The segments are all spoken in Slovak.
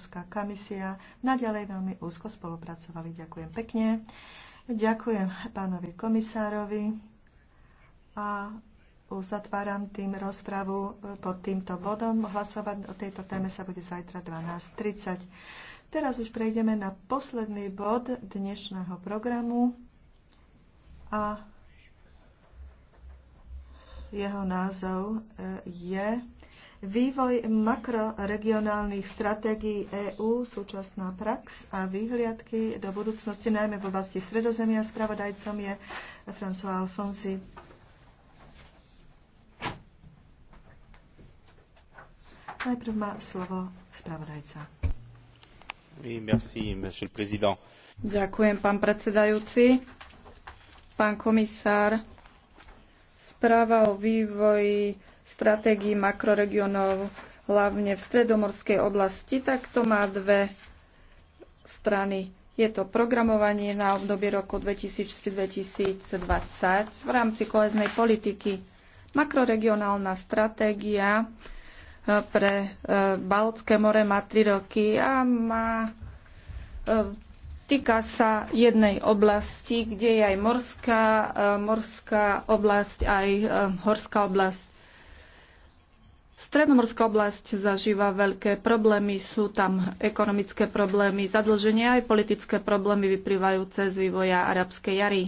Európska komisia naďalej veľmi úzko spolupracovali. Ďakujem pekne. Ďakujem pánovi komisárovi a uzatváram tým rozpravu pod týmto bodom. Hlasovať o tejto téme sa bude zajtra 12.30. Teraz už prejdeme na posledný bod dnešného programu a jeho názov e, je Vývoj makroregionálnych stratégií EÚ, súčasná prax a výhliadky do budúcnosti, najmä v oblasti Sredozemia. spravodajcom je François Alfonsi. Najprv má slovo spravodajca. Oui, merci, monsieur le président. Ďakujem, pán predsedajúci. Pán komisár, správa o vývoji stratégií makroregionov, hlavne v stredomorskej oblasti, tak to má dve strany. Je to programovanie na obdobie roku 2004-2020 v rámci koheznej politiky. Makroregionálna stratégia eh, pre eh, Baltské more má tri roky a má, eh, týka sa jednej oblasti, kde je aj morská, morská oblasť, aj horská oblasť. Stredomorská oblasť zažíva veľké problémy, sú tam ekonomické problémy, zadlženia aj politické problémy vyplývajúce z vývoja arabskej jary.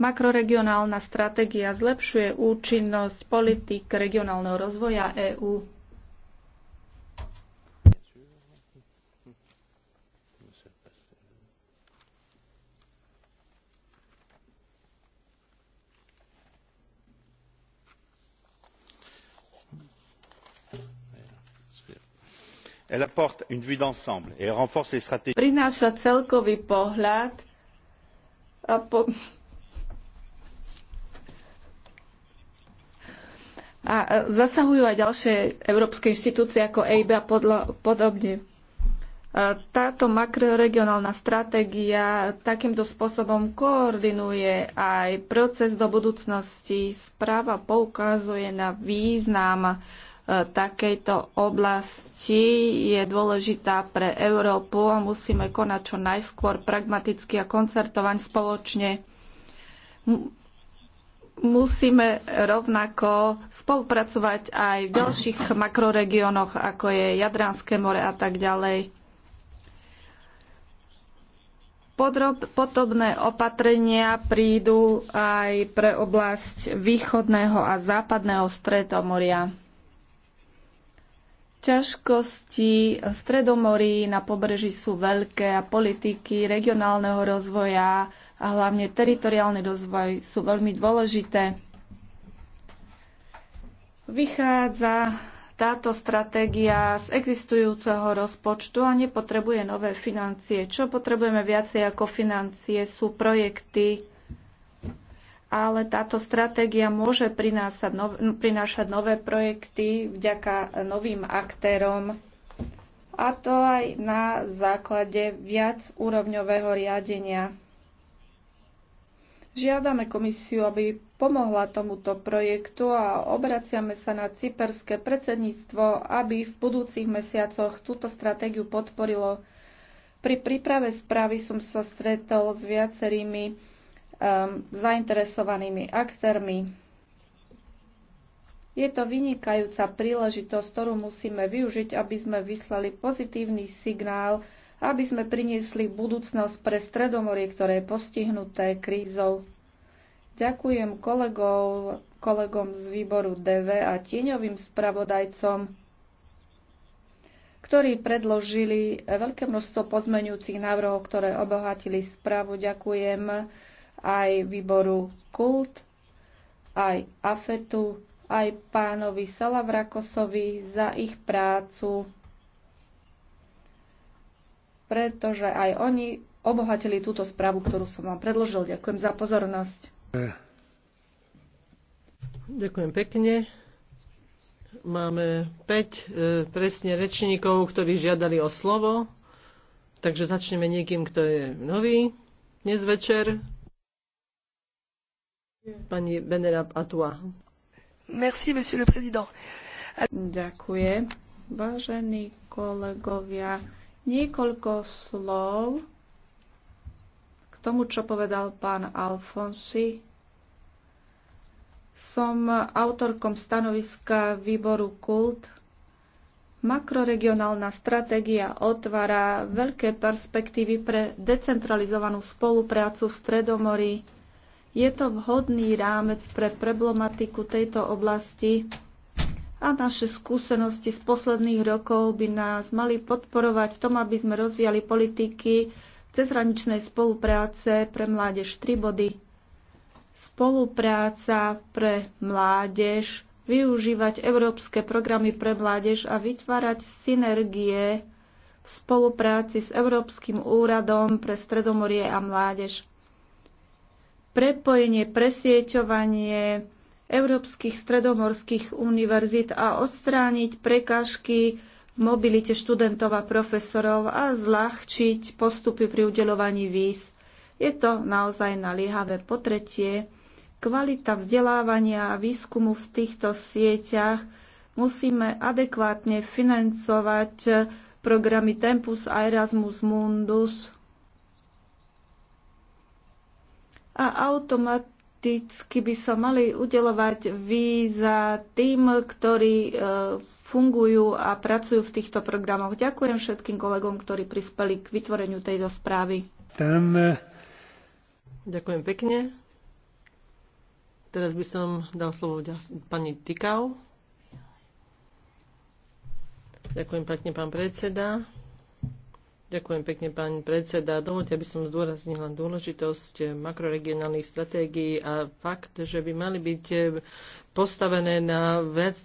Makroregionálna stratégia zlepšuje účinnosť politik regionálneho rozvoja EÚ. Elle apporte une vue d'ensemble et renforce les stratégies. Prináša celkový pohľad a e, zasahujú aj ďalšie európske inštitúcie ako EIB a podlo, podobne. E, táto makroregionálna stratégia takýmto spôsobom koordinuje aj proces do budúcnosti. Správa poukazuje na význam takejto oblasti je dôležitá pre Európu a musíme konať čo najskôr pragmaticky a koncertovať spoločne. Musíme rovnako spolupracovať aj v ďalších makroregiónoch, ako je Jadranské more a tak ďalej. podobné opatrenia prídu aj pre oblasť východného a západného stredomoria. Ťažkosti v Stredomorí na pobreží sú veľké a politiky regionálneho rozvoja a hlavne teritoriálny rozvoj sú veľmi dôležité. Vychádza táto stratégia z existujúceho rozpočtu a nepotrebuje nové financie. Čo potrebujeme viacej ako financie sú projekty, ale táto stratégia môže prinášať, nov, prinášať nové projekty vďaka novým aktérom a to aj na základe viac úrovňového riadenia. Žiadame komisiu, aby pomohla tomuto projektu a obraciame sa na cyperské predsedníctvo, aby v budúcich mesiacoch túto stratégiu podporilo. Pri príprave správy som sa stretol s viacerými Um, zainteresovanými aktérmi. Je to vynikajúca príležitosť, ktorú musíme využiť, aby sme vyslali pozitívny signál, aby sme priniesli budúcnosť pre Stredomorie, ktoré je postihnuté krízou. Ďakujem kolegov, kolegom z výboru DV a tieňovým spravodajcom, ktorí predložili veľké množstvo pozmeňujúcich návrhov, ktoré obohatili správu. Ďakujem aj výboru KULT, aj AFETu, aj pánovi Salavrakosovi za ich prácu, pretože aj oni obohatili túto správu, ktorú som vám predložil. Ďakujem za pozornosť. Ďakujem pekne. Máme 5 e, presne rečníkov, ktorí žiadali o slovo. Takže začneme niekým, kto je nový dnes večer. Pani Benera Atua. Merci, monsieur le président. Ďakujem. Vážení kolegovia, niekoľko slov k tomu, čo povedal pán Alfonsi. Som autorkom stanoviska výboru KULT. Makroregionálna stratégia otvára veľké perspektívy pre decentralizovanú spoluprácu v Stredomorí je to vhodný rámec pre problematiku tejto oblasti a naše skúsenosti z posledných rokov by nás mali podporovať v tom, aby sme rozvíjali politiky cezhraničnej spolupráce pre mládež 3 body. Spolupráca pre mládež, využívať európske programy pre mládež a vytvárať synergie v spolupráci s Európskym úradom pre Stredomorie a mládež prepojenie, presieťovanie európskych stredomorských univerzít a odstrániť prekážky v mobilite študentov a profesorov a zľahčiť postupy pri udelovaní víz. Je to naozaj naliehavé. Po tretie, kvalita vzdelávania a výskumu v týchto sieťach musíme adekvátne financovať programy Tempus a Erasmus Mundus a automaticky by sa mali udelovať víza tým, ktorí e, fungujú a pracujú v týchto programoch. Ďakujem všetkým kolegom, ktorí prispeli k vytvoreniu tejto správy. Tam... E, Ďakujem pekne. Teraz by som dal slovo pani Tikau. Ďakujem pekne, pán predseda. Ďakujem pekne, pán predseda. Dovolte, aby som zdôraznila dôležitosť makroregionálnych stratégií a fakt, že by mali byť postavené na vec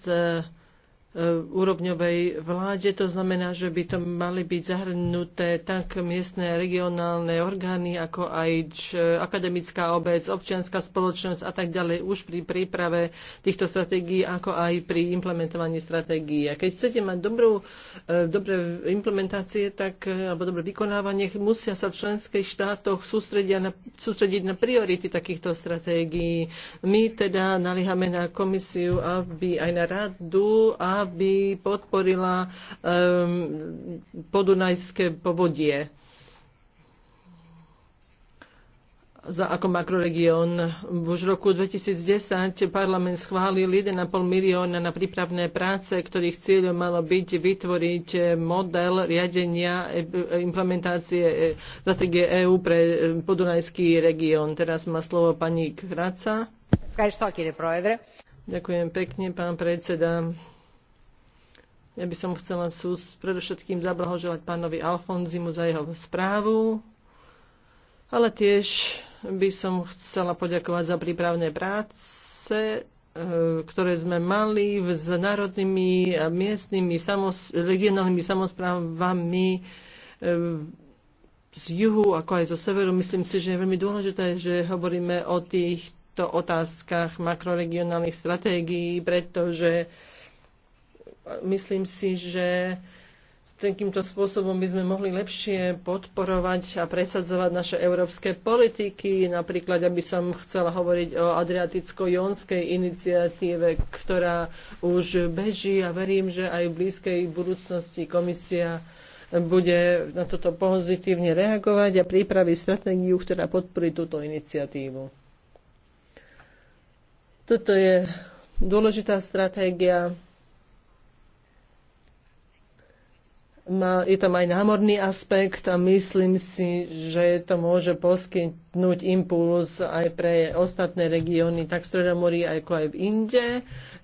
Eh, úrovňovej vláde. To znamená, že by to mali byť zahrnuté tak miestne regionálne orgány, ako aj eh, akademická obec, občianská spoločnosť a tak ďalej už pri príprave týchto stratégií, ako aj pri implementovaní stratégií. A keď chcete mať dobrú, eh, dobré implementácie tak, alebo dobré vykonávanie, musia sa v členských štátoch sústrediť na, sústrediť na priority takýchto stratégií. My teda naliehame na komisiu, aby aj na radu a aby podporila um, podunajské povodie za ako makroregión. Už v roku 2010 parlament schválil 1,5 milióna na prípravné práce, ktorých cieľom malo byť vytvoriť model riadenia e, e, implementácie e, strategie EÚ pre podunajský región. Teraz má slovo pani Kraca. Ďakujem pekne, pán predseda. Ja by som chcela sús predovšetkým zablahoželať pánovi Alfonzimu za jeho správu, ale tiež by som chcela poďakovať za prípravné práce, e, ktoré sme mali s národnými a miestnymi samos, regionálnymi samozprávami e, z juhu, ako aj zo severu. Myslím si, že je veľmi dôležité, že hovoríme o týchto otázkach makroregionálnych stratégií, pretože myslím si, že takýmto spôsobom by sme mohli lepšie podporovať a presadzovať naše európske politiky. Napríklad, aby som chcela hovoriť o Adriaticko-Jonskej iniciatíve, ktorá už beží a verím, že aj v blízkej budúcnosti komisia bude na toto pozitívne reagovať a pripraví stratégiu, ktorá podporí túto iniciatívu. Toto je dôležitá stratégia, je tam aj námorný aspekt a myslím si, že to môže poskytnúť impuls aj pre ostatné regióny, tak v Stredomorí, ako aj v Inde.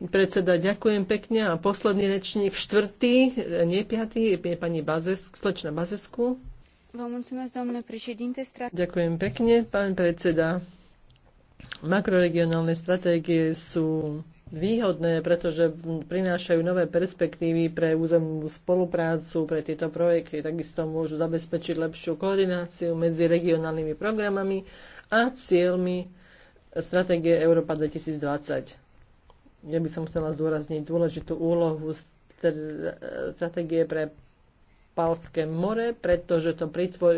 Predseda, ďakujem pekne. A posledný rečník, štvrtý, nie piatý, je pani Bazesk, slečna Bazesku. Ďakujem pekne, pán predseda. Makroregionálne stratégie sú výhodné, pretože prinášajú nové perspektívy pre územnú spoluprácu, pre tieto projekty, takisto môžu zabezpečiť lepšiu koordináciu medzi regionálnymi programami a cieľmi stratégie Európa 2020. Ja by som chcela zdôrazniť dôležitú úlohu stratégie pre Balské more, pretože to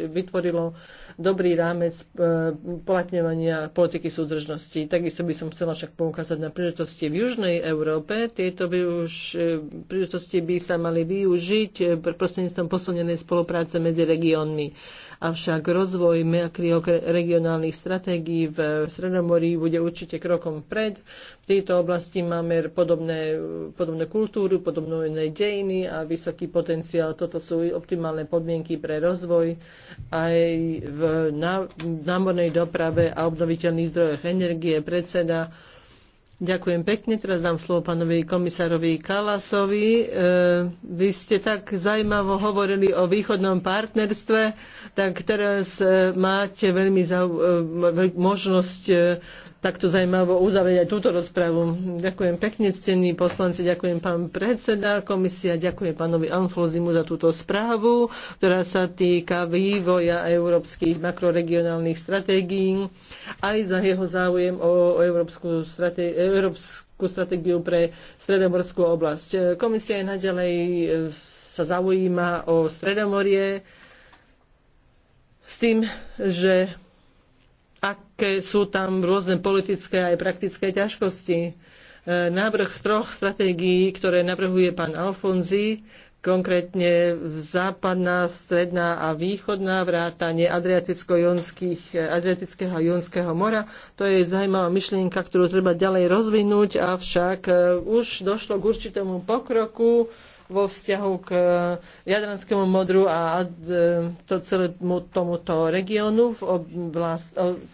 vytvorilo dobrý rámec e, uplatňovania politiky súdržnosti. Takisto by som chcela však poukázať na príležitosti v Južnej Európe. Tieto by už, e, príležitosti by sa mali využiť e, prostredníctvom posunenej spolupráce medzi regiónmi avšak rozvoj regionálnych stratégií v Sredomorí bude určite krokom pred. V tejto oblasti máme podobné, podobné kultúru, podobné dejiny a vysoký potenciál. Toto sú optimálne podmienky pre rozvoj aj v námornej doprave a obnoviteľných zdrojoch energie. Predseda Ďakujem pekne. Teraz dám slovo pánovi komisárovi Kalasovi. E, vy ste tak zaujímavo hovorili o východnom partnerstve, tak teraz e, máte veľmi zau, e, možnosť e, takto zaujímavo uzavrieť aj túto rozpravu. Ďakujem pekne, ctení poslanci, ďakujem pán predseda komisia, ďakujem pánovi Anflozimu za túto správu, ktorá sa týka vývoja európskych makroregionálnych stratégií aj za jeho záujem o, o európsku stratégiu európsku stratégiu pre stredomorskú oblasť. Komisia je naďalej eh, sa zaujíma o Stredomorie s tým, že aké sú tam rôzne politické aj praktické ťažkosti. Eh, Návrh troch stratégií, ktoré navrhuje pán Alfonzi, konkrétne západná, stredná a východná vrátanie Adriatického a Jonského mora. To je zaujímavá myšlienka, ktorú treba ďalej rozvinúť, avšak e, už došlo k určitému pokroku vo vzťahu k e, Jadranskému modru a e, to celému tomuto regiónu v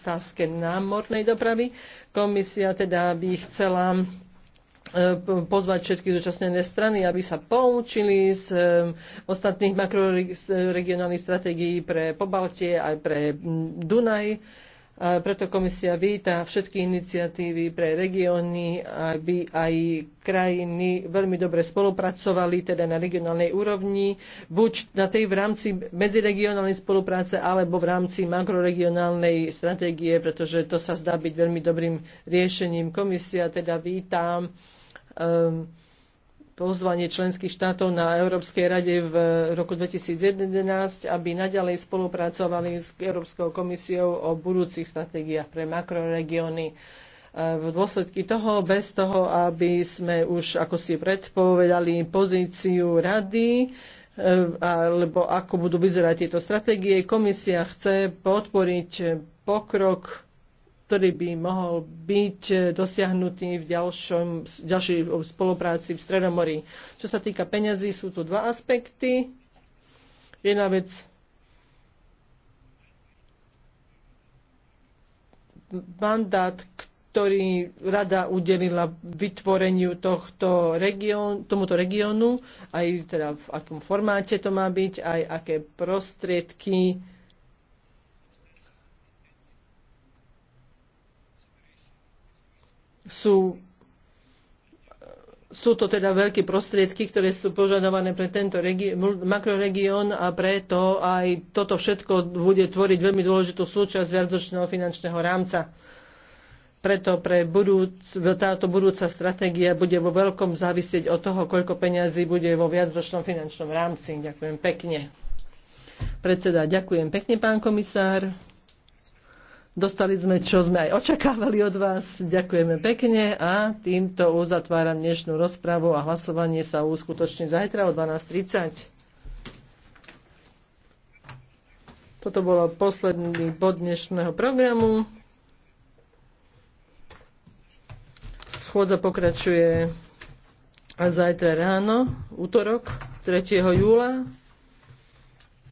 otázke námornej dopravy. Komisia teda by chcela E, pozvať všetky zúčastnené strany, aby sa poučili z e, ostatných makroregionálnych stratégií pre Pobaltie aj pre Dunaj preto komisia víta všetky iniciatívy pre regióny, aby aj krajiny veľmi dobre spolupracovali, teda na regionálnej úrovni, buď na tej v rámci medziregionálnej spolupráce, alebo v rámci makroregionálnej stratégie, pretože to sa zdá byť veľmi dobrým riešením. Komisia teda víta um, pozvanie členských štátov na Európskej rade v roku 2011, aby naďalej spolupracovali s Európskou komisiou o budúcich stratégiách pre makroregióny. E, v dôsledky toho, bez toho, aby sme už, ako si predpovedali, pozíciu rady, e, alebo ako budú vyzerať tieto stratégie, komisia chce podporiť pokrok ktorý by mohol byť e, dosiahnutý v ďalšom, ďalšej e, spolupráci v Stredomorí. Čo sa týka peňazí, sú tu dva aspekty. Jedna vec mandát, ktorý rada udelila vytvoreniu tohto region, tomuto regiónu, aj teda v akom formáte to má byť, aj aké prostriedky sú sú to teda veľké prostriedky, ktoré sú požadované pre tento makroregión a preto aj toto všetko bude tvoriť veľmi dôležitú súčasť viacročného finančného rámca. Preto pre budúc, táto budúca stratégia bude vo veľkom závisieť od toho, koľko peňazí bude vo viacročnom finančnom rámci. Ďakujem pekne. Predseda, ďakujem pekne, pán komisár. Dostali sme, čo sme aj očakávali od vás. Ďakujeme pekne a týmto uzatváram dnešnú rozpravu a hlasovanie sa uskutoční zajtra o 12.30. Toto bolo posledný bod dnešného programu. Schôdza pokračuje a zajtra ráno, útorok 3. júla